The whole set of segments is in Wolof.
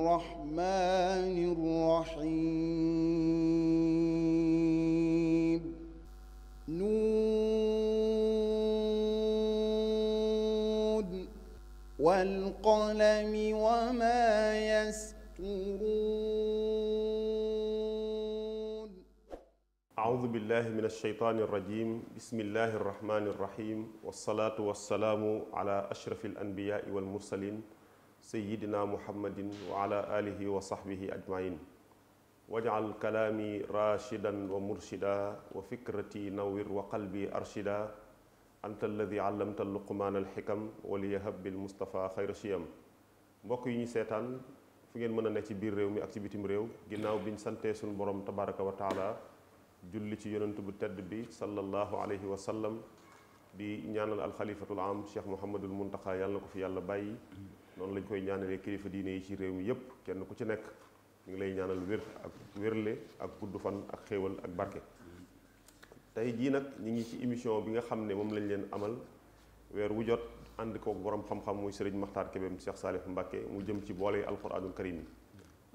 الرحمن الرحيم نون والقلم وما يسطرون أعوذ بالله من الشيطان الرجيم بسم الله الرحمن الرحيم والصلاة والسلام على أشرف الأنبياء والمرسلين sayidina muhammadin wa ala alihi wa sahbihi ajmain wajal kalaami rashidan wa murshida wa fikrati nawir wa qalbi arshida anta alladi allamta luqmaan alxikam waliyahab bil mustafa xayra mbokk yi ñu seetaan fu ngeen mën a ne biir réew mi ak ci bitim réew ginnaaw biñ santee suñu borom tabaraka wa taala julli ci yonent bu tedd bi sallallahu alayhi wa sallam bi ñaanal alxalifatul am cheikh muhammadul muntaxa yàlla na ko fi yàlla bàyyi noonu lañ koy ñaanalee kilifa diine yi ci réew mi yépp kenn ku ci nekk ñu ngi lay ñaanal wér ak wérle ak gudd fan ak xéewal ak barke tey jii nag ñu ngi ci émission bi nga xam ne moom lañ leen amal weer wu jot ànd kook boroom xam-xam muy sëriñ Maxtaar Kébem Cheikh Salif Mbacke mu jëm ci boole alxuraanul karim yi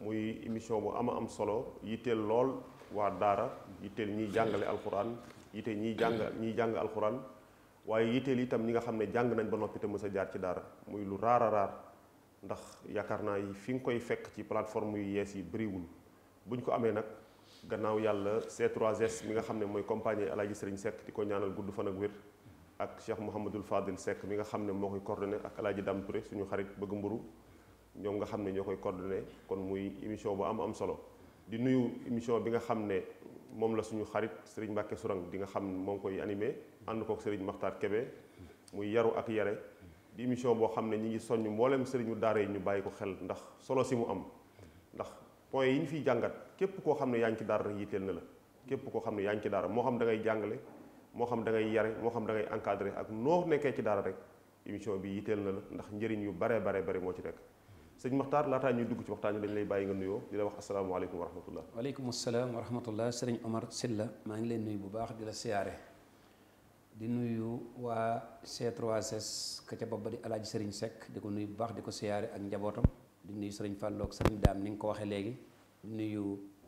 muy émission bu ama am solo yitteel lool waa daara yitteel ñuy jàngale alxuraan yitteel ñiy jàng ñuy jàng alxuraan waaye yitteel itam ñi nga xam ne jàng nañ ba noppi te a jaar ci daara muy lu raar a ndax yaakaar naa yi fi nga koy fekk ci plateforme yu yees yi bëriwul bu ñu ko amee nag gannaaw yàlla C3S mi nga xam ne mooy compagnie El Hadj Serigne Seck di ko ñaanal gudd fan ak wér ak Cheikh Mouhamadul Fadil Seck mi nga xam ne moo koy coordonné ak El Hadj Dame Touré suñu xarit bëgg mburu ñoom nga xam ne ñoo koy coordonné kon muy émission bu am am solo di nuyu émission bi nga xam ne moom la suñu xarit Serigne Mbacke Sourang di nga xam moo ngi koy animé ànd kook Serigne Makhtar Kébé muy yaru ak yare di émission boo xam ne ñi ngi soññ mboolem sëriñu daara yi ñu bàyyi ko xel ndax solo si mu am ndax point yi ñu fiy jàngat képp koo xam ne yaa ngi ci daara rek yitteel na la képp koo xam ne yaa ngi ci daara moo xam da ngay jàngale moo xam da ngay yare moo xam da ngay encadré ak noo nekkee ci daara rek émission bi yitteel na la ndax njëriñ yu bare bare bare moo ci nekk sëñ Maxtaar laataa ñuy dugg ci waxtaan dañ lay bàyyi nga nuyoo di la wax asalaamaaleykum wa rahmatullah waaleykum asalaam wa rahmatullah sëriñ Omar Silla maa leen nuyu bu baax di la siyaare di nuyu waa C3S ka ca bopp ba di alaaji sëriñ Seck di ko nuyu bu baax di ko siyaare ak njabootam di nuyu sëriñ Fallou ak sëriñ Daam ni nga ko waxee léegi di nuyu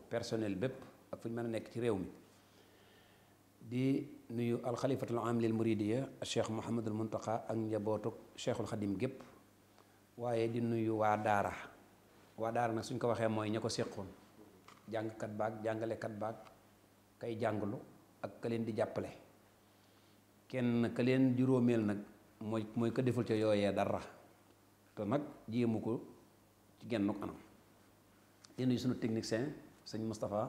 personnel bépp ak fu ñu mën a nekk ci réew mi di nuyu alxalifatul am lil muridiya cheikh Mouhamadul Muntaqa ak njabootuk cheikhul xadim gépp waaye di nuyu waa daara waa daara nag suñ ko waxee mooy ña ko séqoon jàngkat baag jàngalekat baag kay jàngalu ak ka leen di jàppale kenn ka leen juróomeel nag mooy mooy ko deful ca yooyee dara te nag jéemu ko ci genn ak anam di nuyu sunu technicien sëñ Moustapha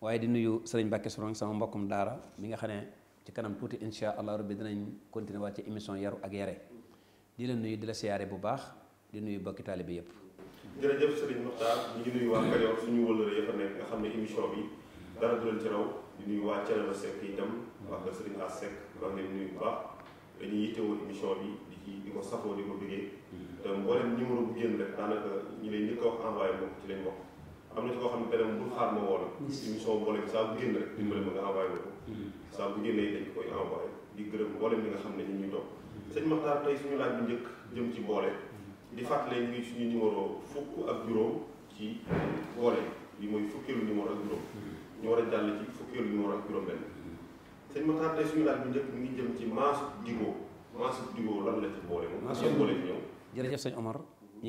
waaye di nuyu sëriñ Mbacke Sorong sama mbokkum daara bi nga xam ne ci kanam tuuti insha allah rabbi dinañ continuer waat ci yaru ak yare di la nuyu di la siyaare bu baax di nuyu bokki taalibe yépp jërëjëf sëriñ nuyu waa Kajoor suñu wëllëre ya fa nga xam ne émission bi dara du leen ci raw di nuyu waa Thiénaba Seck itam maa ngi leen nuyu bu baax dañuy yittewoo émission bi di ci di ko safoo di ko bëggee te mboolem numéro bu génn rek daanaka ñi lay njëkk wax envoyé ma ci lañ wax am na ci koo xam ne beneen bul xaar ma woo la émission mboolem saa bu génn rek dimbale ma nga mm-hmm. di gërëm mboolem li nga xam ne ñu ñuy topp sëñ Maxtaar tey suñu laaj bu njëkk jëm ci boole mm-hmm. di fàttali ñu ngi suñu numéro fukk ak juróom ci boole bi mooy fukkeelu numéro ak juróom mm-hmm. ñu war a jàll ci fukkeelu numéro ak juróom benn sëñ Makhtar tey suñu laaj bu njëkk ngi jëm ci maasu digoo maasu digoo lan la ci boole moom. maasu ñu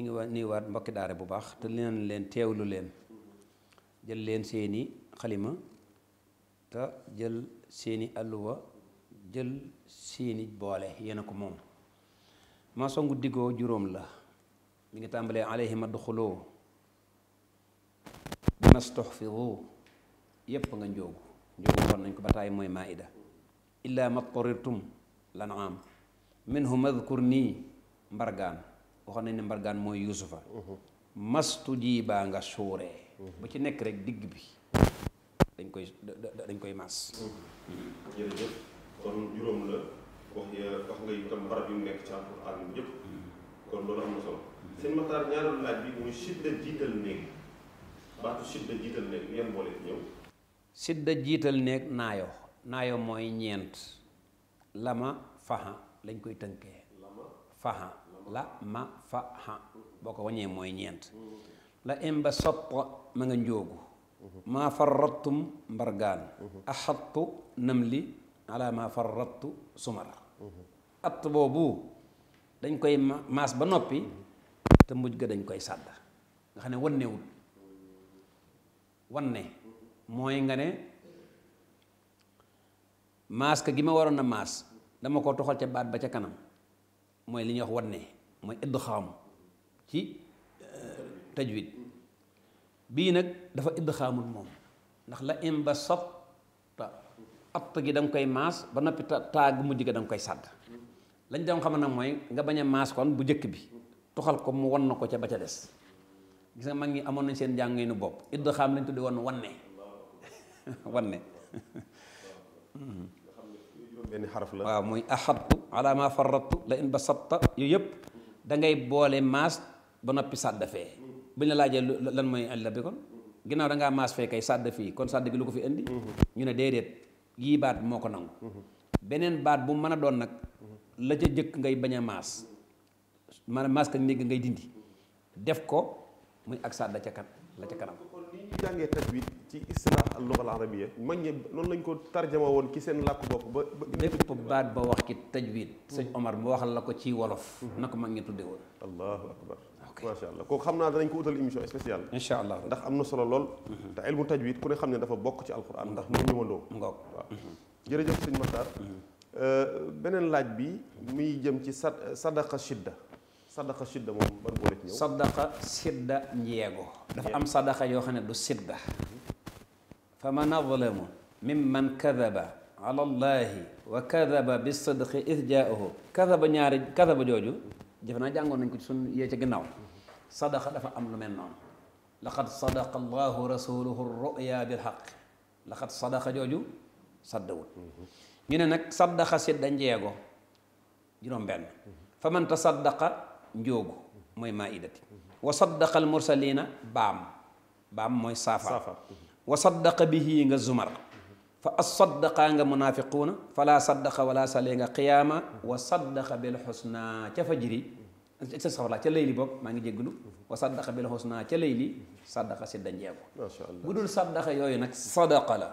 ngi wa nuyuwaat mbokki daara bu baax te leen leen teewlu leen jël leen seeni xalima te jël seeni àlluwa jël seeni boole yéen ko moom. maasongu digoo juróom la mi ngi tàmbalee alayhima duxuloo mastoxfiru yépp nga njóogu jóg waxoon nañ ko ba tàyyi mooy maida illaa mattorirtum lan am minhu madkur nii mbargaan waxoon nañ ne mbargaan mooy yusufa mastu jiibaa nga suuree ba ci nekk rek digg bi dañ koy dañ koy maas mm-hmm. jërëjëf kon mm-hmm. kon loolu am na solo seen maxtaar ñaareelu laaj bi muy sidda jiital néeg baatu sidda jiital néeg yan boole ñëw sidda jiital néeg naayo naayo mooy ñeent lama faha lañ koy tënkee faha la ma faha boo ko wañee mooy ñeent la imba sopp ma nga njóogu mhm. maa farrattum mbargaan mhm. axattu namli ala maa farrattu sumar mhm. att boobu dañ koy maas ba noppi te mujj ga dañ koy sàdd nga xam ne wannewul wanne mooy nga ne masque gi ma waroon a maas dama ko toxal ca baat ba ca kanam mooy li ñuy wax wanne mooy idxaam ci euh, tajwid bii nag dafa idxaamul moom ndax la imba sotta att gi da koy maas ba noppi taag mujj ga da nga koy sàdd lañ doon xam nag mooy nga bañ a maas kon bu jëkk bi toxal ko mu wan na ko ca ba ca des gis nga mag ñi amoon nañ seen njàng nu bopp idxaam lañ tuddi woon wanne wanne benn xaraf la waaw muy axattu ala ma farattu la in basatta yooyu yëpp da ngay boole maas ba noppi sàdd fee bu ñu la laajee lan mooy la bi kon ginnaaw da maas fee kay sàdd fii kon sàdd lu ko fi indi ñu ne déedéet yii baat moo ko nangu beneen baat bu mën a doon nag la ca jëkk ngay bañ a maas a maas ka néeg ngay dindi def ko muy ak sàdd ca la ca kanam ñu jàngee tajwid ci istilaax al luga al arabiyya mag ñi noonu lañ ko tarjama woon ci seen làkk bopp ba bépp baat ba wax ci tajwid sëñ Omar mu waxal la ko ci wolof mhm. na ko mag ñi tudde woon allahu akbar macha allah kooku xam naa da danañ ko utal émission spéciale incha allah ndax am na solo lool mhm. te ilmu tajwid ku ne xam ne dafa bokk ci alquran ndax moo ñëwandoo ngoog waaw jërëjëf sëñ Makhtar mhm. euh, beneen laaj bi muy jëm ci sa sadaqa shidda saddaqa sidda moom ban moo la ci ñëw. saddaqa sidda njeego. dafa am saddaqa yoo xam ne du sidda. fa man azlamu mimman kadaba ala llahi wa kadaba bi sidqi id jaahu kadaba ñaari kadaba jooju. jëfe naa jàngoon nañ ko ci sun yee ca ginnaaw. saddaqa dafa am lu mel noonu. laqad sadaqa allahu rasuluhu ruya bilxaq laqad sadaqa jooju saddawut. ñu ne nag saddaqa sidda njeego juróom-benn. fa man tasaddaqa njoogu mooy maa maaidati wa saddaqa al mursalina baam baam mooy saafa wa saddaqa bihi nga zumar fa as saddaqa nga munaafiquuna fala saddaqa wala salee nga qiyaama wa saddaqa bil xusna ca fajiri ca safara ca layli boog maa ngi jégglu wa saddaqa bil xusna ca layli saddaqa sidda njeego bu dul saddaqa yooyu nag sadaqa la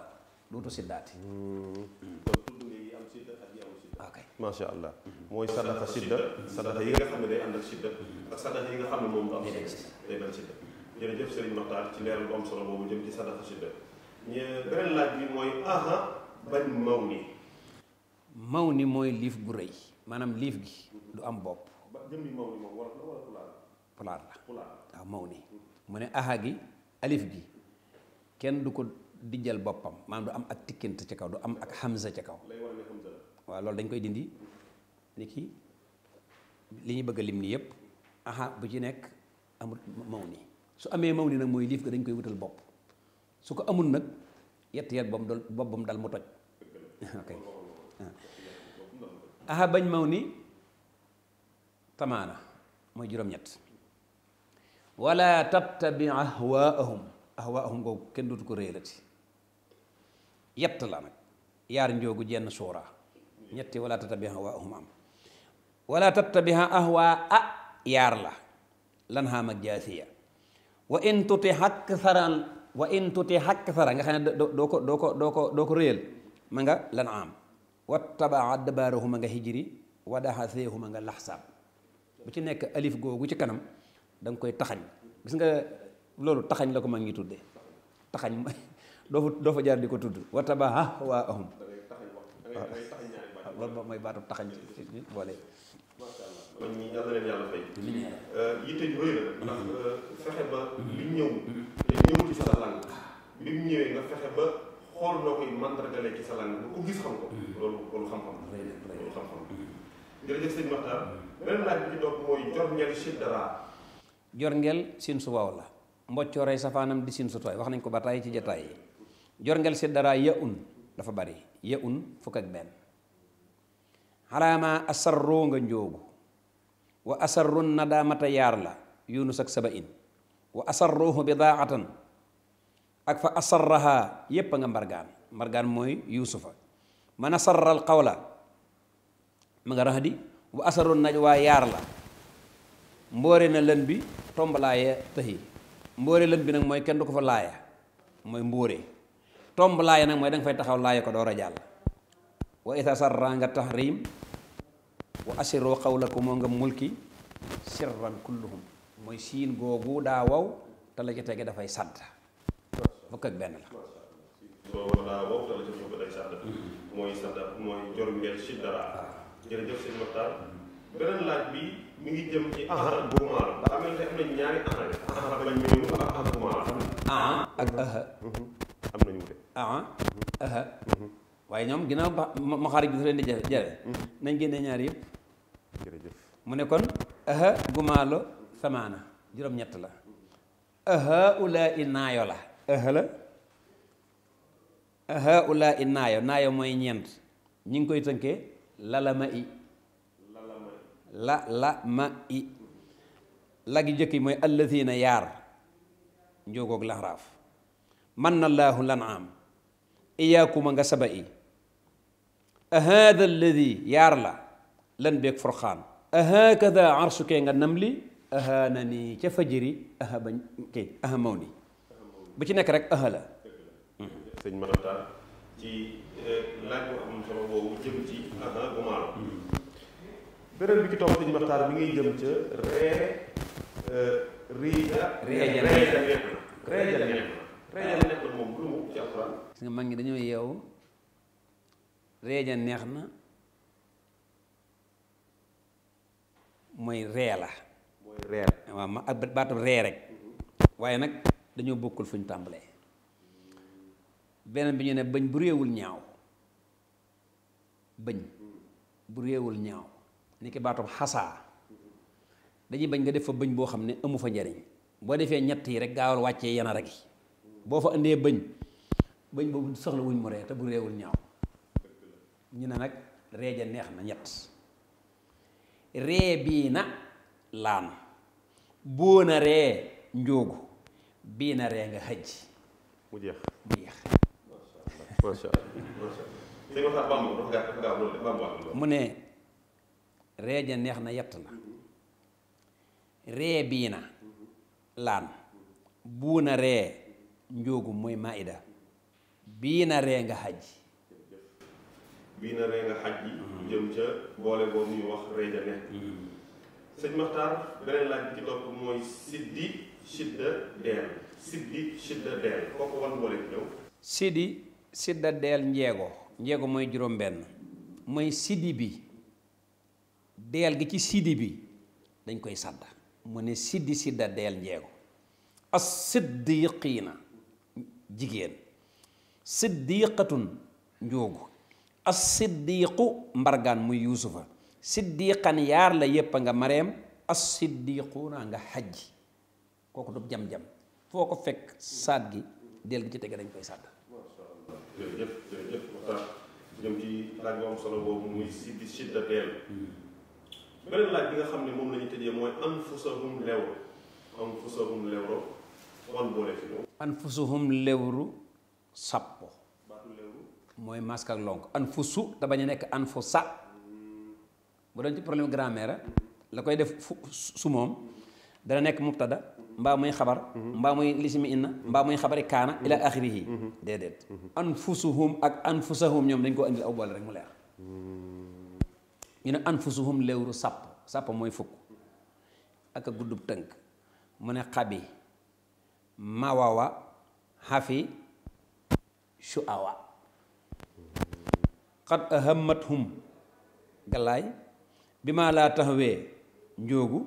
duutu siddaati hmm. Hmm. macha allah mhm. mooy sadaxa sidda sadaxa yi nga xam ne day ànd ak sidda mhm. ak sadaxa yi nga xam ne moom du am sidda day bañ sidda jërëjëf Serigne Maxtaar ci leeral bu am solo boobu jëm ci sadaxa sidda ñu beneen laaj bi mooy aha bañ maw ni maw ni mooy liif gu rëy maanaam liif gi mhm. du am bopp jëmmi maw ni moom wala wala pulaar pulaar la waaw maw ni mu ne aha gi alif gi kenn du ko dijjal boppam maanaam du am ak tikkint ca kaw du am ak xamza ca kaw lay war ne xamza la waaw loolu dañ koy dindi ki li ñu bëgg a lim nii yëpp aha bu ci nekk amul maw ni su amee maw ni nag mooy liif ga dañ koy wutal bopp su ko amul nag yett yett bam dal boppam dal mu toj ok bañ maw ni tamaana mooy juróom-ñett wala tattabi ahwaahum ahwaahum googu kenn dootu ko réerati yett la nag yaar njoogu jenn suuraa ñetti wala tattabi ahwaahum am wala tattabi ahwaa a yaar la lan xaam ak jaasiya wa in tuti xakk saran wa in sara nga xam ne doo ko doo ko doo ko doo ko réyal ma nga lan am wattabaa dabaarahuma nga hijri wa daxaseehuma nga laxsaab bu ci nekk alif googu ci kanam danga koy taxañ gis nga loolu taxañ la ko mag ñi tudde taxañ doo fa jaar di ko tudd wattabaa ahwaahum loolu moom mooy baatu taxañ ci ci boole. Euh, yitte ju la. Mm-hmm. ndax euh, fexe ba mm-hmm. li ñëw. te mm-hmm. ñëw sa langue. bi ñëwee nga fexe ba xool noo koy mandargalee ci sa langue bu ko gis xam ko. loolu xam-xam la. loolu xam-xam la. jërëjëf sëñ ci topp jorngeel siin su waaw la. mboccooree safaanam di siin su tooy wax nañ ko ba tàyyi ci jataay yi. jorngeel dara ya un dafa bari ya un fukk ak benn. xalaama asarroo nga njoogu wa asarru nadaamata yaar la yunus ak saba in wa asarruhu bidaatan ak fa asarraha yépp a nga mbargaan mbargaan mooy yuusufa man asarra xaw la ma nga rax di wa asarru waa yaar la mboore na lën bi tomb laaya tëxi mboore lën bi nag mooy kenn du ko fa laaya mooy mbóore tomb laaya nag mooy da fay taxaw laaya ko door a jàll wa ita sarra nga tahrim wa asirru qawlakum nga mulki sirran kulluhum mooy siin googu daa waw te la ci tege dafay sadd fukk ak benn la googu daa waw dafay sadd beneen laaj bi mi ngi jëm ci ahar ak ahar bu ak ahar waaye ñoom ginnaaw ba maxaarij bi dafa leen di jare mm-hmm. nañ génnee ñaar yëpp mu ne kon aha gumaalo samaana juróom-ñett la aha ula i naayo la aha la aha ula i naayo naayo mooy ñeent ñi ngi koy tënkee lala ma i la la ma i la jëkk yi mooy allazina yaar njóogoog laxraaf man na laahu lan am iyaakuma nga saba i ahada alladi yaar la lan beeg furxaan ahakada arsu kee nga nam li ahana nii ca fajiri aha bañ kii aha maw ni bu ci nekk rek aha la sëñ Mata bi ci topp sëñ Maxtaar bi ngay jëm ca ree riija nekk na reeja nekk mu ci alxuraan gis nga mag ñi dañoo yeewu reeja neex na mooy ree la mooy ree waaw ma ak baatam ree rek waaye nag dañoo bokkul fuñ tàmbalee beneen bi ñu ne bëñ bu réewul ñaaw bëñ bu réewul ñaaw ni ki baatam xasaa dañuy bañ nga def fa bëñ boo xam ne amu fa njariñ boo defee ñett yi rek gaawal wàccee yana rek yi boo fa indee bëñ bëñ boobu soxla wuñ mu ree te bu réewul ñaaw ñu ne nag ree ja neex na ñett ree bii na laan boo na ree njóogu bii na ree nga xëj mu mu ne ree ja neex na yett na ree bii na laan buu na ree njóogu mooy maida bii na ree nga xaj bii na rey nga xaj ji mm-hmm. jëm ca boole boobu ñuy wax rey ja nekk mm-hmm. sëñ Maxtaar beneen laaj bi ci topp mooy siddi sidda deel siddi sidda deel kooku wan boole ci ñëw siddi sidda deel njeego njeego mooy juróom benn mooy siddi bi deel gi ci siddi bi dañ koy sadd mu ne siddi sidda deel njeego as siddiqiina jigéen siddiqatun njoogu as-siddiqu mbargaan muy yuusufa siddiqan yaar la yépp a nga mareem as-siddiquuna nga xajji kooku du jam-jam foo ko fekk saat gi del gi ci tege dañ koy sàdd jërëjëf ci laaj bu solo boobu muy siddi sidda teel hmm. beneen laaj bi nga xam ne moom la tëjee mooy anfusahum lewru anfusahum lewru wan mooy masque ak lonk an fu su te bañ a nekk an fu sa bu doon ci problème grammaire la koy def fu su moom dana nekk mubtada mbaa muy xabar mhm. mbaa muy lisimi inna mbaa muy xabari kaana ila mhm. axirihi mhm. déedéet anfusuhum ak anfusahum ñoom dañ koo andil aw boole rek mu leer ñu ne anfusuhum léewru sàpp sàpp mooy fukk ak a guddub tënk mu ne xabi mawawa xafi shuawa xat ahammathum galaay bi ma laa taxawee njoogu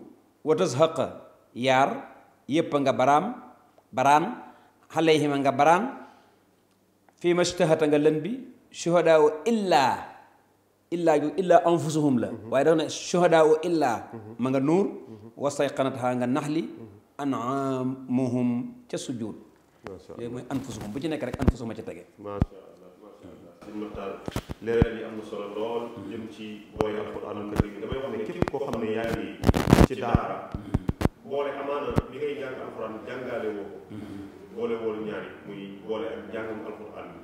watas xaqa yaar yépp nga baraam baraan xaleyhima nga baraan fii mashtahata nga lën bi shuhadaa wa illaa illaa ju illaa anfusuhum la mhm. waaye dafa ne shuhadaa wa illaa ma nga nuur wasayqanat haa nga naxli mhm. anaamuhum ca sujjuud bu ci nekk rek anfusuma ca tege sëñ Maxtaar leeral yi am na solo lool jëm ci booy alxuraanul karim damay wax ne képp koo xam ne yaa ngi ci daara boole amaana li ngay jàng alxuraan jàngaale woo ko boole woolu ñaari muy boole ak jàngum alxuraan bi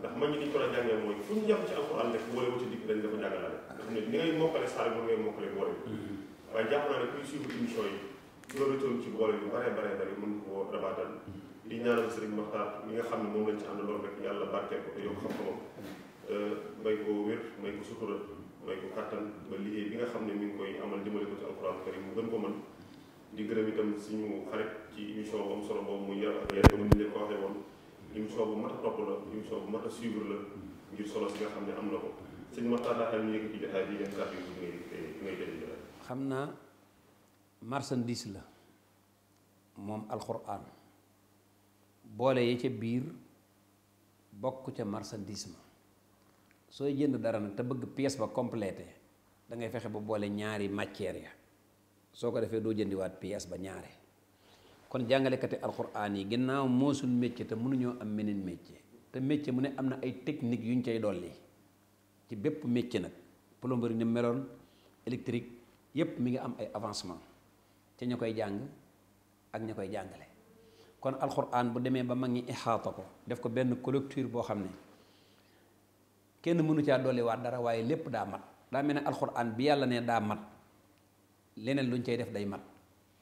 ndax man ñi niñ a jàngee mooy fu ñu jàpp ci alxuraan rek boole wu ci digg dañ dafa jàngalaale nga xam ne ni ngay mokkale saar bu ngay mokkale boole waaye jàpp naa ne kuy suivre émission yi loolu toon ci boole yu baree baree bari mën ko rabaatal di ñaanal Serigne Makhtar mi nga xam ne moom lañ ci àndaloon rek yàlla barkeel ko te yokk xam-xamam euh, may ko wér may ko sutura may ko kàttan ba liggéey bi nga xam ne mi ngi koy amal dimbali ko ci alxuraan karim mu ko mën di gërëm itam suñu ci émission bu am solo boobu muy yar ak nga xam ne am na ko sëñ Makhtar daa xam ne yëkkati ci jotaay bi yéen kàddu yi ngay ngay jëlee jotaay xam naa marchandise la moom alxuraan boole yi ca biir bokk ca marchandise ma sooy jënd dara nag te bëgg pièce ba complété dangay fexe ba boole ñaari matière ya soo ko defee doo jëndiwaat piyes ba ñaare kon jàngalekati alxuraan yi ginnaaw moosul métier te mënuñoo am meneen métier te métier mu ne am na ay technique yuñ cay dolli ci bépp métier nag plomberie ni meloon électrique yépp mi ngi am ay avancement ca ña koy jàng ak ña koy jàngale kon alxuraan bu demee ba mag ñi ixaata ko def ko benn collecture boo xam ne kenn mënu caa dolliwaat dara waaye lépp daa mat daa mel ne alxuraan bi yàlla ne daa mat leneen luñ cay def day mat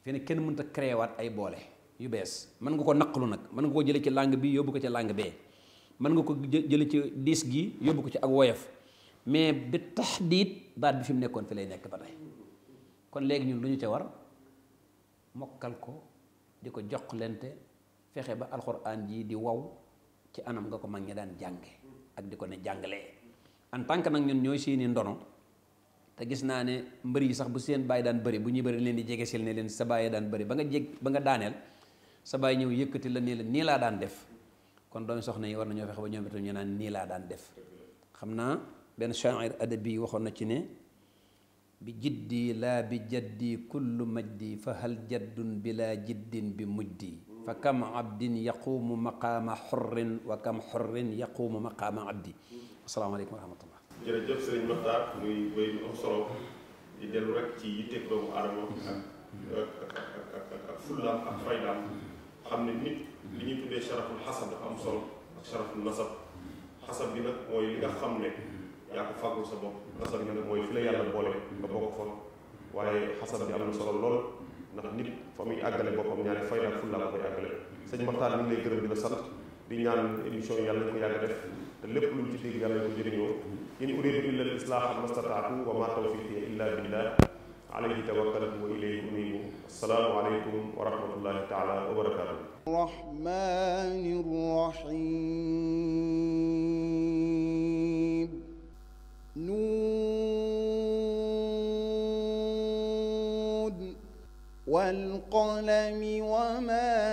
fi ne kenn mënut a waat ay boole yu bees mën nga ko naqalu nag mën nga ko jëlee ci langue bi yóbbu ko ci làng bee mën nga ko jëlee ci diis gi yóbbu ko ci ak woyof mais bi diit baat bi fi mu nekkoon fi lay nekk ba tey kon léegi ñun lu ñu ca war mokkal ko. di ko jox lente fexe ba alxuraan jii di waw ci anam nga ko mag ñi daan jànge ak di ko ne jàngalee en tant que nag ñun ñooy seeni ndono te gis naa ne mbër yi sax bu seen bàyyi daan bëri bu ñuy bëri leen di jege sil leen sa bàyyi daan bëri ba nga jeg ba nga daaneel sa bàyyi ñëw yëkkati la ne la nii laa daan def kon doomi soxna yi war nañoo fexe ba ñoom itam ñu naan nii laa daan def xam naa benn shaa'ir adabi waxoon na ci ne bi jiddi laa bi jaddi kullu majdi fa hal jaddun bila jiddin bi mujdi fa kam abdin yaquumu maqaama xorrin wa kam xorrin yaquumu maqaama abdi asalaamaaleykum wa rahmatullah jërëjëf sëriñ Maxtaar muy wéy lu am solo di dellu rek ci yitte doomu aadama ak ak ak fullaam ak faydaam xam ne nit li ñuy tuddee sharaful xasab dafa am solo ak sharaful nasab xasab bi nag mooy li nga xam ne yaa ko fàggul sa bopp xasab bi nag mooy fi la yàlla boole nga bokk fa waaye xasab bi am na solo lool ndax nit fa muy àggale boppam ñaari fayda ak fulla la koy àggale sëñ Maxtaar ñu ngi lay gërëm di la sant di ñaan émission yàlla ñu ko yàgg def te lépp luñ ci dégg yàlla ñu ko jëriñoo in uridu illa al islaaha mastataatu wa ma tawfiqi illa billah alayhi tawakkaltu wa ilayhi unibu assalaamu aleykum wa rahmatullahi taala wa barakaatu rahmaani rahim الأقلم وما